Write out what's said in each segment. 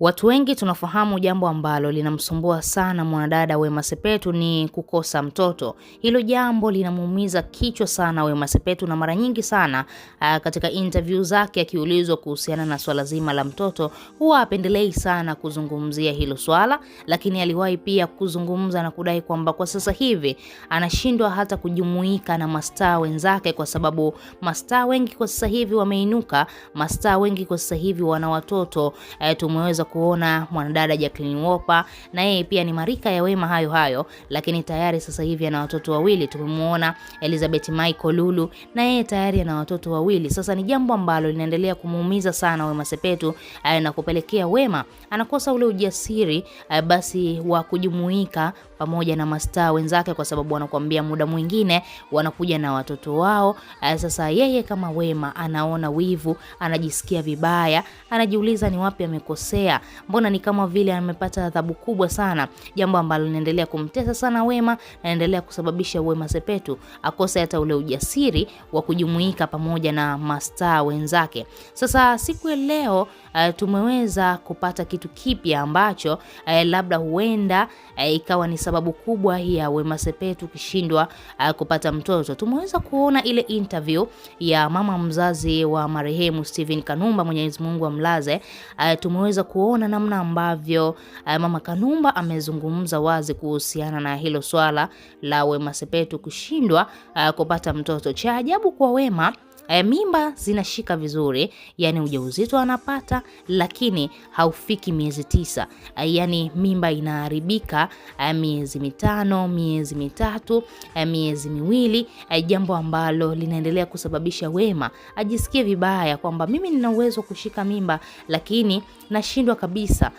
Watu wengi tunafahamu jambo ambalo linamsumbua sana mwanadada Wema Sepetu ni kukosa mtoto. Hilo jambo linamuumiza kichwa sana Wema Sepetu, na mara nyingi sana a, ah, katika interview zake akiulizwa kuhusiana na swala zima la mtoto huwa apendelei sana kuzungumzia hilo swala, lakini aliwahi pia kuzungumza na kudai kwamba kwa sasa hivi anashindwa hata kujumuika na mastaa wenzake, kwa sababu mastaa wengi kwa sasa hivi wameinuka, mastaa wengi kwa sasa hivi wana watoto. Eh, tumeweza tunaweza kuona mwanadada Jacqueline Wolper na yeye pia ni marika ya Wema hayo hayo, lakini tayari sasa hivi ana watoto wawili. Tumemuona Elizabeth Michael Lulu na yeye tayari ana watoto wawili. Sasa ni jambo ambalo linaendelea kumuumiza sana Wema Sepetu eh, na kupelekea Wema anakosa ule ujasiri eh, basi wa kujumuika pamoja na mastaa wenzake, kwa sababu wanakuambia muda mwingine wanakuja na watoto wao. Eh, sasa yeye kama Wema anaona wivu, anajisikia vibaya, anajiuliza ni wapi amekosea, mbona ni kama vile amepata adhabu kubwa sana, jambo ambalo linaendelea kumtesa sana Wema, naendelea kusababisha Wema Sepetu akose hata ule ujasiri wa kujumuika pamoja na mastaa wenzake. Sasa siku ya leo uh, tumeweza kupata kitu kipya ambacho uh, labda huenda uh, ikawa ni sababu kubwa ya Wema Sepetu kishindwa ah, kupata mtoto. Tumeweza kuona ile interview ya mama mzazi wa marehemu Steven Kanumba, Mwenyezi Mungu amlaze. Ah, tumeweza kuona namna ambavyo ah, mama Kanumba amezungumza wazi kuhusiana na hilo swala la Wema Sepetu kushindwa kupata mtoto. Cha ajabu kwa Wema e, mimba zinashika vizuri, yani ujauzito anapata, lakini haufiki miezi tisa, eh, yani mimba inaharibika eh, miezi mitano, miezi mitatu, miezi miwili, jambo ambalo linaendelea kusababisha Wema ajisikie vibaya kwamba mimi nina uwezo kushika mimba, lakini nashindwa kabisa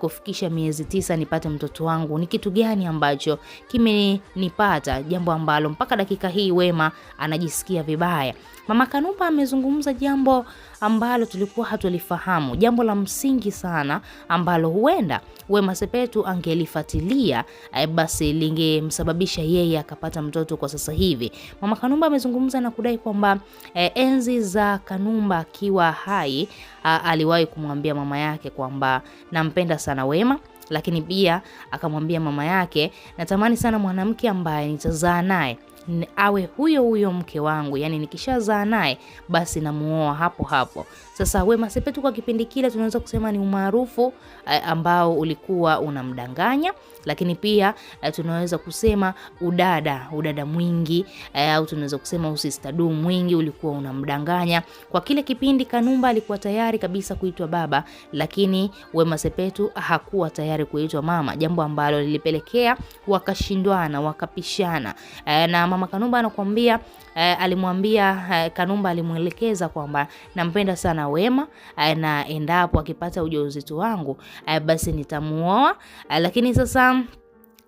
kufikisha miezi tisa nipate mtoto wangu. Ni kitu gani ambacho kimenipata? Jambo ambalo mpaka dakika hii Wema anajisikia vibaya. Mama Kanumba amezungumza jambo ambalo tulikuwa hatulifahamu, jambo la msingi sana ambalo huenda Wema Sepetu angelifuatilia eh, basi lingemsababisha yeye akapata mtoto kwa sasa hivi. Mama Kanumba amezungumza na kudai kwamba e, enzi za Kanumba akiwa hai a, aliwahi kumwambia mama yake kwamba nampenda sana Wema lakini pia akamwambia mama yake natamani sana mwanamke ambaye nitazaa naye awe huyo huyo mke wangu, yani nikishazaa naye basi namuoa hapo hapo. Sasa Wema Sepetu kwa kipindi kile tunaweza kusema ni umaarufu eh, ambao ulikuwa unamdanganya, lakini pia eh, tunaweza kusema udada, udada mwingi eh, au tunaweza kusema usistadu mwingi ulikuwa unamdanganya kwa kile kipindi. Kanumba alikuwa tayari kabisa kuitwa baba, lakini Wema Sepetu hakuwa tayari kuitwa mama, jambo ambalo lilipelekea wakashindwana, wakapishana na mama Kanumba anakuambia eh, alimwambia eh, Kanumba alimwelekeza kwamba nampenda sana Wema eh, na endapo akipata ujauzito wangu eh, basi nitamuoa eh, lakini sasa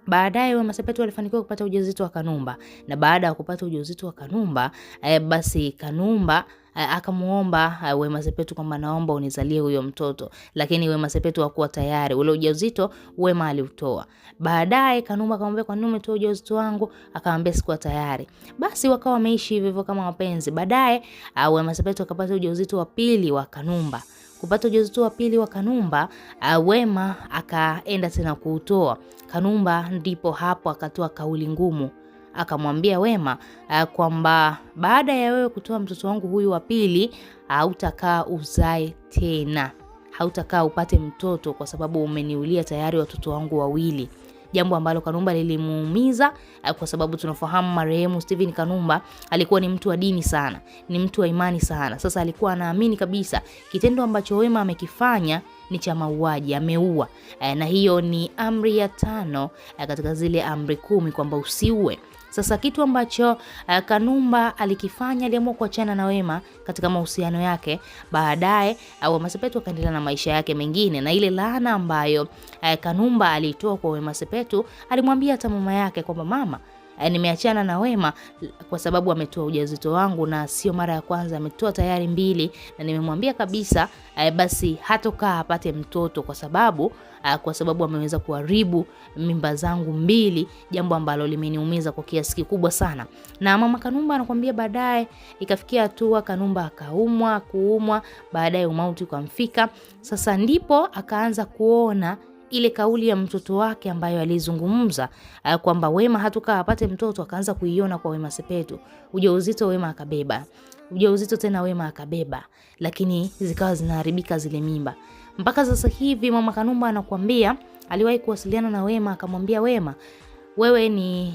Baadaye Wamasapetu walifanikiwa kupata ujauzito wa Kanumba, na baada ya kupata ujauzito wa Kanumba e, basi Kanumba eh, akamuomba uh, eh, Wema Sepetu kwamba naomba unizalie huyo mtoto, lakini Wema Sepetu hakuwa tayari. Ule ujauzito Wema aliutoa. Baadaye Kanumba akamwambia kwa nini umetoa ujauzito wangu? Akamwambia sikuwa tayari. Basi wakawa wameishi hivyo kama wapenzi. Baadaye uh, Wema Sepetu akapata ujauzito wa pili wa Kanumba kupata ujauzito wa pili wa Kanumba, uh, Wema akaenda tena kuutoa. Kanumba ndipo hapo akatoa kauli ngumu, akamwambia Wema uh, kwamba baada ya wewe kutoa mtoto wangu huyu wa pili ah, hautakaa uh, uzae tena, hautakaa upate mtoto kwa sababu umeniulia tayari watoto wangu wawili jambo ambalo Kanumba lilimuumiza, eh, kwa sababu tunafahamu marehemu Steven Kanumba alikuwa ni mtu wa dini sana, ni mtu wa imani sana. Sasa alikuwa anaamini kabisa kitendo ambacho Wema amekifanya ni cha mauaji, ameua. Eh, na hiyo ni amri ya tano eh, katika zile amri kumi kwamba usiue. Sasa kitu ambacho uh, Kanumba alikifanya aliamua kuachana na Wema katika mahusiano yake. Baadaye uh, Wema Sepetu akaendelea na maisha yake mengine, na ile laana ambayo uh, Kanumba alitoa kwa Wema Sepetu alimwambia hata mama yake kwamba mama Eh, nimeachana na Wema kwa sababu ametoa ujauzito wangu na sio mara ya kwanza, ametoa tayari mbili, na nimemwambia kabisa eh, basi hatokaa apate mtoto kwa sababu eh, kwa sababu ameweza kuharibu mimba zangu mbili, jambo ambalo limeniumiza kwa kiasi kikubwa sana. Na mama Kanumba anakuambia baadaye ikafikia hatua Kanumba akaumwa kuumwa, baadaye umauti ukamfika. Sasa ndipo akaanza kuona ile kauli ya mtoto wake ambayo alizungumza eh, kwamba Wema hatukaa apate mtoto, akaanza kuiona kwa Wema Sepetu. Ujauzito Wema akabeba ujauzito tena Wema akabeba, lakini zikawa zinaharibika zile mimba. Mpaka sasa hivi mama Kanumba anakuambia aliwahi kuwasiliana na Wema akamwambia Wema, wewe ni,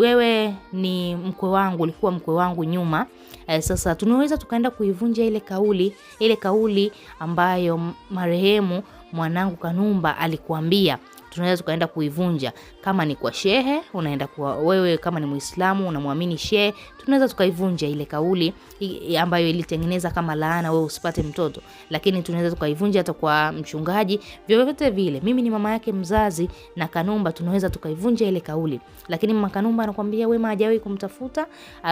wewe ni mkwe wangu, ulikuwa mkwe wangu nyuma. E, sasa tunaweza tukaenda kuivunja ile kauli, ile kauli ambayo marehemu mwanangu Kanumba alikuambia tunaweza tukaenda kuivunja. Kama ni kwa shehe, unaenda kwa wewe, kama ni Muislamu unamwamini shehe, tunaweza tukaivunja ile kauli ambayo ilitengeneza kama laana, wewe usipate mtoto. Lakini tunaweza tukaivunja hata kwa mchungaji, vyovyote vile. Mimi ni mama yake mzazi na Kanumba, tunaweza tukaivunja ile kauli. Lakini mama Kanumba anakuambia Wema hajawahi kumtafuta,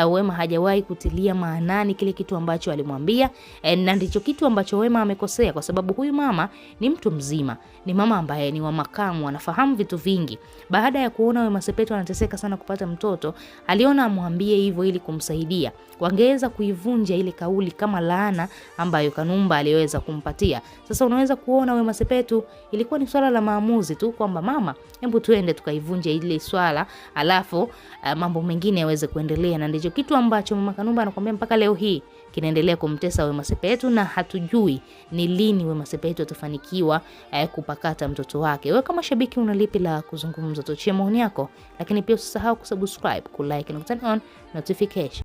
Wema hajawahi kutilia maanani kile kitu ambacho alimwambia, e, na ndicho kitu ambacho Wema amekosea, kwa sababu huyu mama ni mtu mzima, ni mama ambaye ni wa makamu wanafahamu vitu vingi. Baada ya kuona Wema Sepetu anateseka sana kupata mtoto, aliona amwambie hivyo ili kumsaidia. Wangeweza kuivunja ile kauli kama laana ambayo Kanumba aliweza kumpatia. Sasa unaweza kuona Wema Sepetu ilikuwa ni swala la maamuzi tu kwamba mama, hebu tuende tukaivunja ile swala, alafu uh, mambo mengine yaweze kuendelea, na ndicho kitu ambacho mama Kanumba anakuambia mpaka leo hii kinaendelea kumtesa Wema Sepetu na hatujui ni lini Wema Sepetu atafanikiwa eh, kupakata mtoto wake. Wewe kama shabiki una lipi la kuzungumza? Tuachie maoni yako, lakini pia usisahau kusubscribe, kulike na turn on notification.